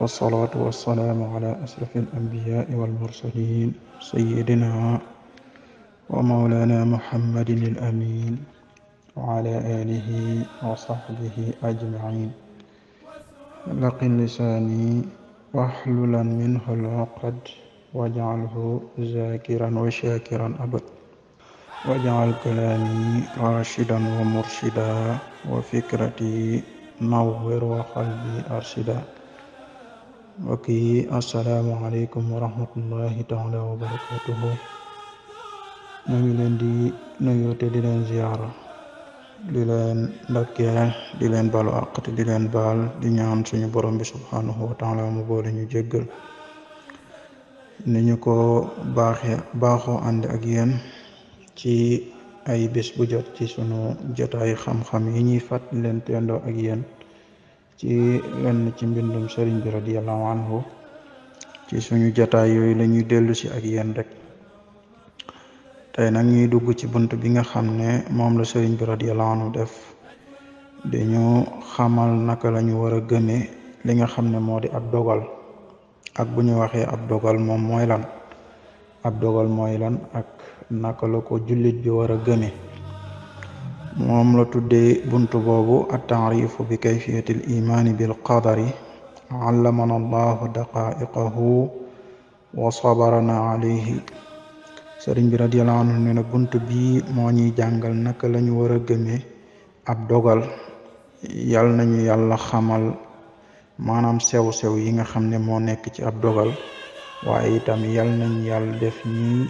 wasalaatu wasalaamu ala asrafi alambiyaai walmursalin sayidina wa maulana muhammadin alamin وعلى آله وصحبه أجمعين لقن لساني واحلل منه العقد واجعله ذاكرا وشاكرا أبد واجعل كلامي راشدا ومرشدا وفكرتي نور وقلبي أرشدا mbokk yi asalaamaaleykum wa rahmatullahi taala wa ngi leen di nuyoo di leen ziyaara di leen ndokkee di leen balu àq te di leen baal di ñaan suñu borom bi subhanahu wa taala mu boole ñu jéggal ni ñu ko baaxee baaxoo ànd ak yéen ci ay bés bu jot ci sunu jotaay xam-xam yi ñuy fàtt leen teendoo ak yéen ci lenn ci mbindum sëriñ bi radiallahu anhu ci suñu jataay yooyu lañuy dellusi ak yéen rek tey nag ñuy dugg ci bunt bi nga xam ne moom la sëriñ bi radiallahu anhu def dañu xamal naka lañu war a gëme li nga xam ne moo di ab dogal ak bu ñu waxee ab dogal moom mooy lan ab dogal mooy lan ak naka la ko jullit bi war a gëme moom la tuddee bunt boobu attaarifu bi kayfiyati al bi bil qadari allamana allahu daqaiqahu wa sabarana alayhi sëriñ bi radiallahu anhu ne bunt bii moo ñuy jàngal naka lañu war a gëmee ab dogal yal nañu yàlla xamal maanaam sew-sew yi nga xam ne moo nekk ci ab dogal waaye itam yal nañu yàlla def ñuy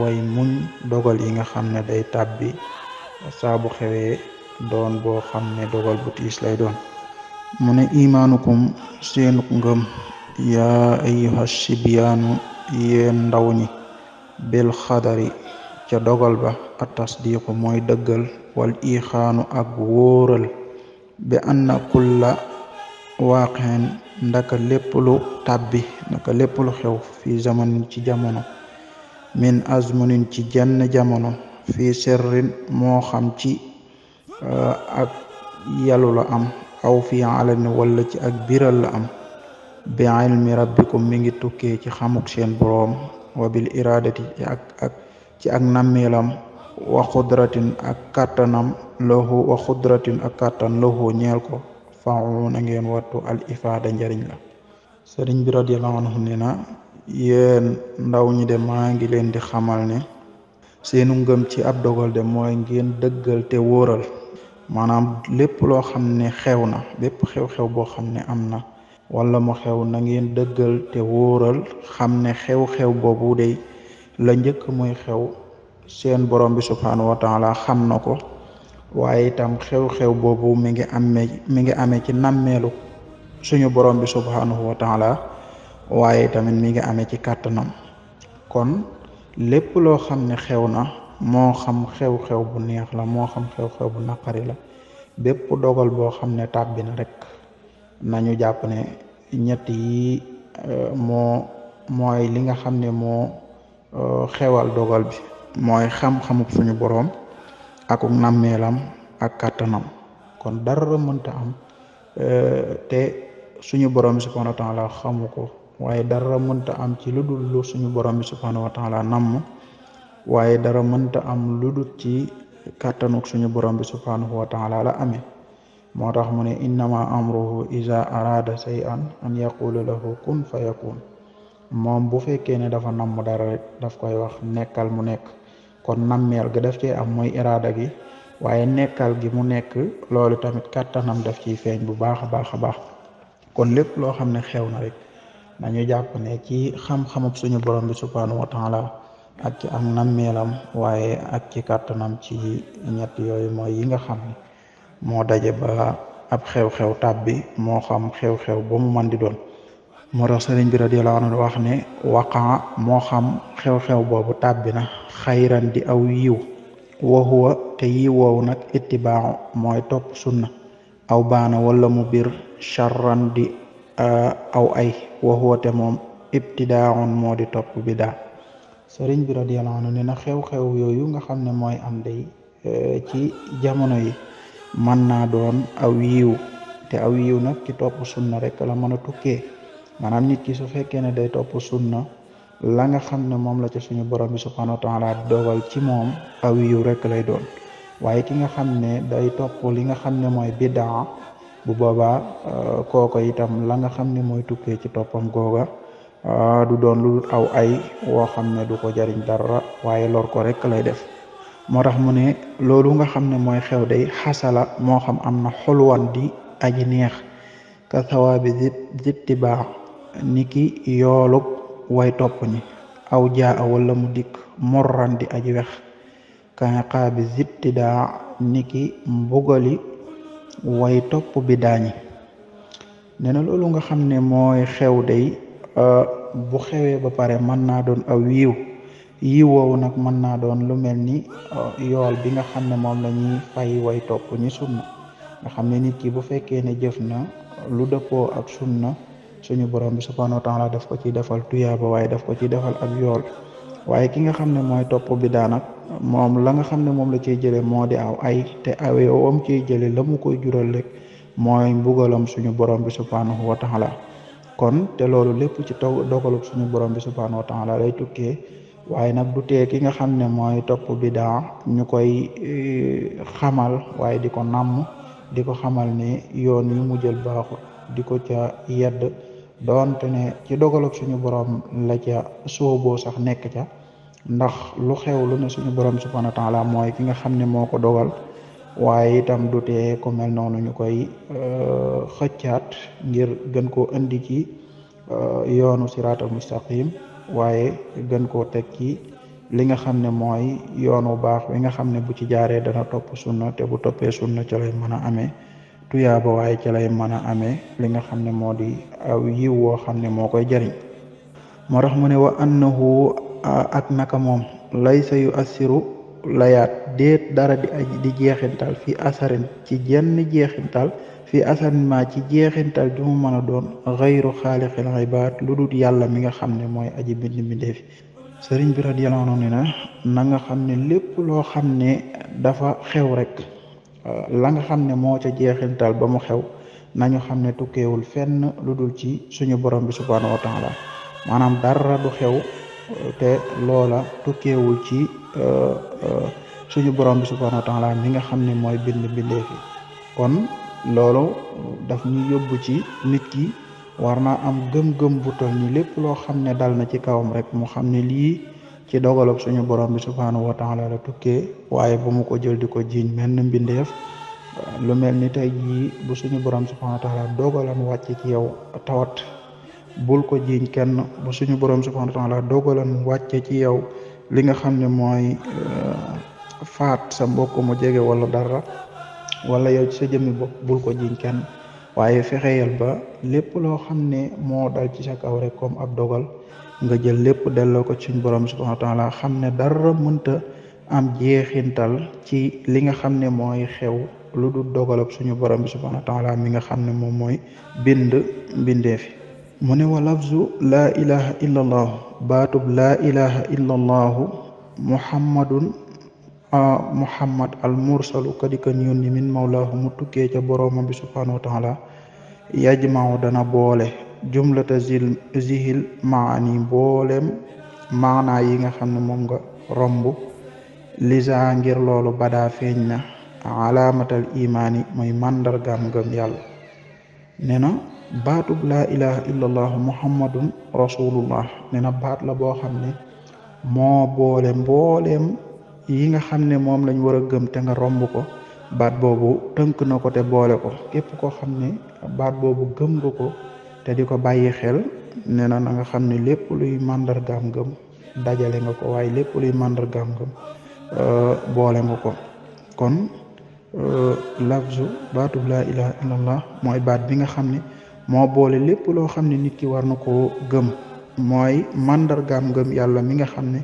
way muñ dogal yi nga xam ne day tàbbi saa bu xewee doon boo xam ne dogal bu tiis lay doon mu ne imaanukum seenu ngëm yaa ayyuha sibiyaanu yéen ndaw ñi bil xadari ca dogal ba atasdiqu mooy dëggal wal ixaanu ak wóoral bi anna kulla waaqeen ndaka lépp lu tàbbi ndaka lépp lu xew fi zamanin ci jamono min azmunin ci jenn jamono fii sirrin moo xam ci eh, ak yalu am aw fii wala ci ak biral la am bi ilmi rabbikum mi ngi tukkee ci xamuk seen boroom wa bil ci ak ak ci ak nammilam wa xudratin ak kàttanam lahu wa xudratin ak kàttan lahu ñeel ko faawu na ngeen wattu al njariñ la sëriñ bi radiyallahu anhu nee na ndaw ñi de maa ngi leen di xamal ne seenu ngëm ci ab dogal de mooy ngeen dëggal te wóoral maanaam lépp loo xam ne xew na bépp xew-xew boo xam ne am na wala mu xew na ngeen dëggal te wóoral xam ne xew-xew boobu day la njëkk muy xew seen borom bi subhaanahu wa xam na ko waaye itam xew-xew boobu mi ngi ame mi ngi amee ci nàmmeelu suñu borom bi subhaanahu wa taala waaye tamit mi ngi ame ci kàttanam kon lépp loo xam ne xew na moo xam xew-xew bu neex la moo xam xew-xew bu naqari la bépp dogal boo xam ne tàbbi na rek nañu jàpp ne ñett yi euh, moo mooy li nga xam ne moo euh, xewal dogal bi mooy xam-xamub suñu boroom ak nammeelam ak kàttanam kon dara mënta am euh, te suñu boroom bi subhanahu wa taala xamu ko waaye dara mënta am ci lu dul lu suñu borom bi subhaanahu wa taala namm waaye dara mënta am lu dul ci kàttanuk suñu borom bi subhaanahu wa taala amee moo tax mu ne innama amruhu iza arada shay'an an yaqula lahu kun fa yakun moom bu fekkee ne dafa namm dara rek daf koy wax nekkal mu nekk kon nammeel ga def cee am muy iraada gi waaye nekkal gi mu nekk loolu tamit kàttanam def ci feeñ bu baax a baax a baax kon lépp loo xam ne xew na rek dañu jàpp ne ci xam-xamab suñu borom bi subhanahu ak ci am nammeelam waaye ak ci kàttanam ci ñett yooyu mooy yi nga xam ne moo daje ba ab xew-xew tàbbi moo xam xew-xew ba mu man di doon moo tax sëriñ ne waqan moo xam xew-xew boobu tàbbi na xayran di aw yiw waxuwa te yiw woowu nag ittibaaxu mooy topp sunna aw baana wala mu bir charran di aw ay waxoote moom ibtidaaun moo di topp bidaa sëriñ bi radiyallahu anhu ne na xew-xew yooyu nga xam ne mooy am day e, ci jamono yi mën naa doon aw yiw te aw yiw nag ki topp na rek la mën a tukkee maanaam nit ki su fekkee ne day topp sun na la nga xam ne moom la ca suñu borom bi subhanahu wa taala dogal ci moom aw yiw rek lay doon waaye ki nga xam ne day topp li nga xam ne mooy bidaa bu boobaa euh, kooko itam la nga xam ne mooy tukkee ci toppam googa euh, du doon lu aw ay woo xam ne du ko jariñ dara waaye lor ko rek lay def moo tax mu ne loolu nga xam ne mooy xew day xasala moo xam am na xulwan di aji neex ka sawaabi zitti baax niki yoolub way topp ni aw jaa wala mu dikk morran aji wex ka xaabi zitti niki mbugali woy topp bi ñi nee loolu nga xam ne mooy xew day euh, bu xewee ba pare mën naa doon aw yiw yiw woowu nag mën naa doon lu mel ni euh, yool bi nga xam ne moom la ñuy fay woy topp ñi sunna nga xam ne nit ki bu fekkee ne jëf na lu dëppoo ak sunna suñu borom bi subhanahu wa taala daf ko ci defal tuyaaba waaye daf ko ci defal ak yool waaye ki nga xam ne mooy topp daa nag moom la nga xam ne moom la ciy jële moo di aw ay te awee wam ciy jële la mu koy jural rek mooy mbugalam suñu borom bi subhanahu wa la kon te loolu lépp ci taw dogalub suñu borom bi subhanahu wa la lay tukkee waaye nag du tee ki nga xam ne mooy topp daa ñu koy e, xamal waaye di ko nàmm di ko xamal ne yoon yu mu jël baaxul di ko ca yedd doonte ne ci dogaloog suñu borom la ca sooboo sax nekk ca ndax lu xew lu ne suñu borom subhanahu wa taala mooy ki nga xam ne moo ko dogal waaye itam du tee ku mel noonu ñu koy euh, xëccaat ngir gën koo indi ci euh, yoonu siraatal mustaqim waaye gën koo teg ci li nga xam ne mooy yoonu baax wi nga xam ne bu ci jaaree dana topp sunna te bu toppee sunna ca lay mën a amee tuyaaba waaye ci lay mën a amee li nga xam ne moo di aw yiw woo xam ne moo koy jariñ moo tax mu ne wa na annahu ak naka moom lay sa yu assiru layaat déet dara di aj di jeexintal fi asarin ci jenn jeexintal fi asarin ma ci jeexintal ju mu mën a doon xayru xaaliqil lu dul yàlla mi nga xam ne mooy aji bind mbindeef sëriñ bi radiyallahu anhu ne na na nga xam ne lépp loo xam ne dafa xew rek Euh, la nga xam ne moo ca jeexintal ba mu xew nañu xam ne tukkewul fenn lu dul ci suñu borom bi subhaanahu wa taala maanaam dara du xew euh, te loola tukkeewul ci euh, suñu borom bi subhaanahu wa taala mi nga xam ne mooy bind bindeef kon loolu daf ñu yóbbu ci nit ki war naa am gëm-gëm bu toll ni lépp loo xam ne dal na ci kawam rek mu xam ne lii ci dogalub suñu borom bi subhanahu wa taala tukkee waaye bu mu ko jël di ko jiiñ menn mbindeef lu mel ni tey jii bu suñu borom subhanahu wa taala dogalan wàcc ci yow tawat bul ko jiiñ kenn bu suñu borom subhanahu wa taala dogalan wàcce ci yow li nga xam ne mooy euh, faat sa mbokk mu jege wala dara wala yow sa jëmmi bopp bul ko jiiñ kenn waaye fexeyal ba lépp loo xam ne moo dal ci sa kaw rek comme ab dogal nga jël lépp delloo ko ci borom subhanahu wa taala xam ne dara mënta am jeexintal ci li nga xam ne mooy xew lu du dogalab suñu borom bi subhanahu wa taala mi nga xam ne moom mooy bind bindee mu ne wa lafzu laa ilaha illa allaahu baatub laa ilaha muhammad al mursalu kadikan yónni min mawlaahu mu tukkee ca borooma bi subhanahu wa taala yajmaaw dana boole jumlata zil zihil maani mboolem maanaa yi nga xam ne moom nga romb lisa ngir loolu badaa feeñ na alaamatal imaani mooy màndargaam ngëm yàlla nee na baatub laa ilaha illallah muhammadun rasulullah nee baat la boo xam ne moo boole mbooleem yi nga xam ne moom lañ war a gëm nga romb ko baat boobu tënk na ko te boole ko képp koo xam ne baat boobu gëm nga ko te di ko bàyyi xel nee na na nga xam ne lépp luy màndargaam gëm dajale nga ko waaye lépp luy màndargaam ngëm euh, boole nga ko kon euh, lafzu baatub laa ilaha mooy baat bi nga xam ne moo boole lépp loo xam ne nit ki war na koo gëm mooy màndargaam gëm yàlla mi nga xam ne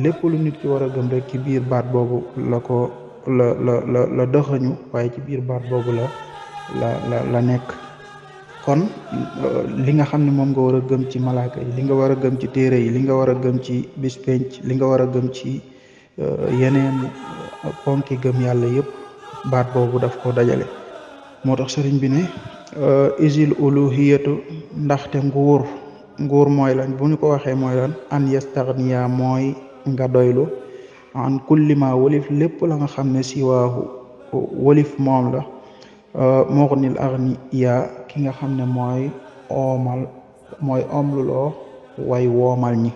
lépp lu nit ki war a gëm rek ci biir baat boobu la ko la la la la waaye ci biir baat boobu la la la la nekk kon li nga xam ne moom nga war a gëm ci malaaka yi li nga war a gëm ci téere yi li nga war a gëm ci bis li nga war a gëm ci euh, yeneen ponki gëm yàlla yëpp baat boobu daf ko dajale moo tax sëriñ bi ne euh, isil uluhiyatu ndaxte nguur nguur mooy lañ bu ñu ko waxee mooy lan an yastaghniya mooy nga doylu an kulli ma wolif lépp la nga xam ne siwaahu wolif moom la euh, moxnil aghniya nga xam ne mooy oomal mooy omluloo way woomal ñi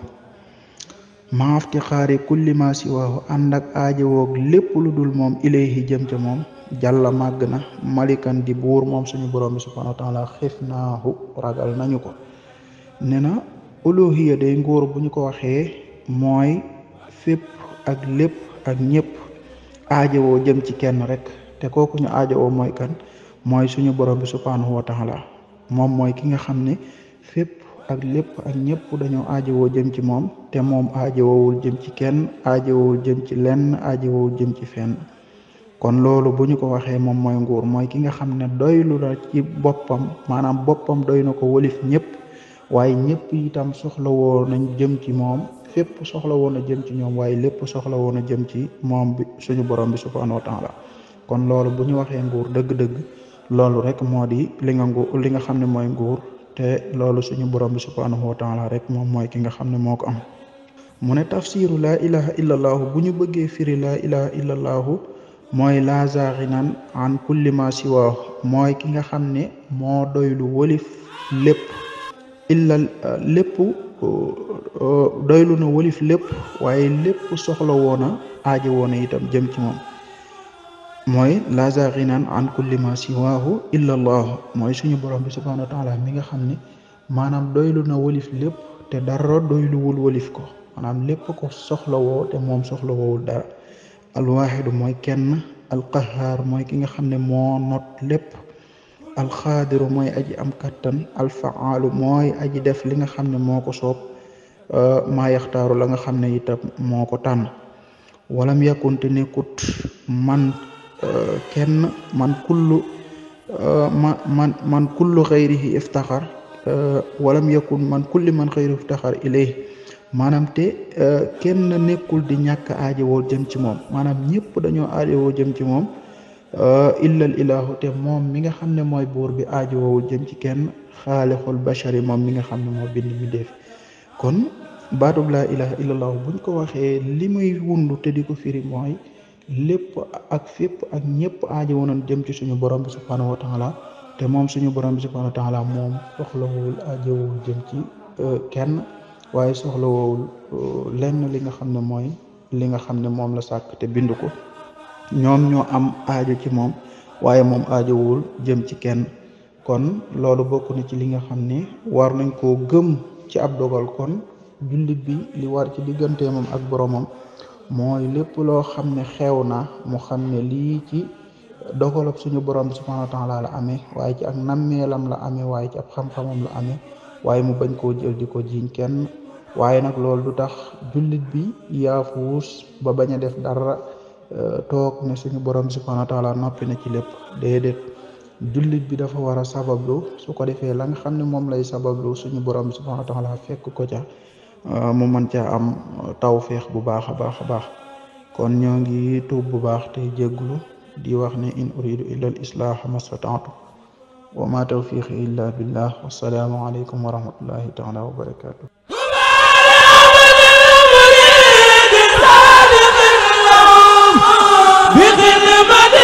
maafti xaari kulli ma siwaahu ànd ak aajawoog lépp lu dul moom ilayhi jëm ca moom jàlla màgg na malikan di buur moom suñu borom bi subhanahu wa taala xif ragal nañu ko ne na uluhiya day nguur bu ko waxee mooy fépp ak lépp ak ñëpp aajowoo jëm ci kenn rek te kooku ñu aajowoo mooy kan mooy suñu borom bi subhanahu wa la moom mooy ki nga xam ne fépp ak lépp ak ñëpp dañoo aajowoo jëm ci moom te moom aajowoowul jëm ci kenn aajowowul jëm ci lenn aajowowul jëm ci fenn kon loolu bu ñu ko waxee moom mooy nguur mooy ki nga xam ne doylu la ci boppam maanaam boppam doy na ko wolif ñëpp waaye ñëpp itam soxla woon jëm ci moom fépp soxla woon a jëm ci ñoom waaye lépp soxla woon a jëm ci moom bi suñu borom bi subhanahu wa la kon loolu bu ñu waxee nguur dëgg-dëgg loolu rek moo di li nga ngu li nga xam ne mooy nguur te loolu suñu borom bi subhanahu wa taala rek moom mooy ki nga xam ne moo ko am mu ne tafsiru laa ilaha illallaahu bu ñu bëggee firi laa ilaha illallaahu mooy laa zaaxinan an kulli ma siwaahu mooy ki nga xam ne moo doylu wolif lépp illa lépp doylu na wolif lépp waaye lépp soxla woona aajo woona itam jëm ci moom mooy la zaxinan an kulli ma siwaahu illa allah mooy suñu borom bi subhanahu wa taala mi nga xam ne maanaam doylu na wolif lépp te dara doyluwul wolif ko maanam lépp ko soxlawoo te moom soxlawoowul dara alwaxidu mooy kenn alqahaar mooy ki nga xam ne moo not lépp alxaadiru mooy aji am kattan alfaalu mooy aji def li nga xam ne moo ko soob maa yaxtaaru la nga xam ne itam moo ko tànn walam yàkkunte nekkut man kenn man kullu ma man man kullu xayrihi walam yakun man kulli man xayrihi iftaxar ilayhi maanaam te kenn nekkul di ñàkk aajo woo jëm ci moom maanaam ñëpp dañoo aajowoo jëm ci moom illal ilahu te moom mi nga xam ne mooy buur bi woowu jëm ci kenn xaalixul bachari moom mi nga xam ne moo bind mi def kon baatub laa ilaha illallah buñ ko waxee li muy wundu te di ko firi mooy lépp ak fépp ak ñëpp aajo woon jëm ci suñu borom bi subhaanahu wa la te moom suñu borom bi subhaanahu wa taala moom soxlawul ajowul jëm ci euh, kenn waaye soxlawul euh, lenn li nga xam ne mooy li nga xam ne moom la sàkk te bind ko ñoom ñoo am aajo ci moom waaye moom aajowul jëm ci kenn kon loolu bokk ci li nga xam ne war nañ koo gëm ci ab dogal kon jullit bi li war ci diggante moom ak boromam mooy lépp loo xam ne xew na mu xam ne lii ci dogalab suñu borom bi subhanahu laa la amee waaye ci ak nammeelam la amee waaye ci ab xam-xamam la amee waaye mu bañ koo jël di ko jiiñ kenn waaye nag loolu du tax jullit bi yaafuus ba bañ a def dara euh, toog ne suñu borom bi subhanahu wa noppi na ci lépp déedéet jullit bi dafa war a sabablu su ko defee la xam ne moom lay sabablu suñu borom bi subhanahu wa taala fekk ko ca Euh, mu mën caa am euh, tawféex bu baax a baax a baax kon ñoo ngi tuub bu baax te jégglu di wax ne in uridu illa al islah mastata'tu wa ma tawfiqi illa billah wassalaamu aleykum wa rahmatullahi taala wa barakatuh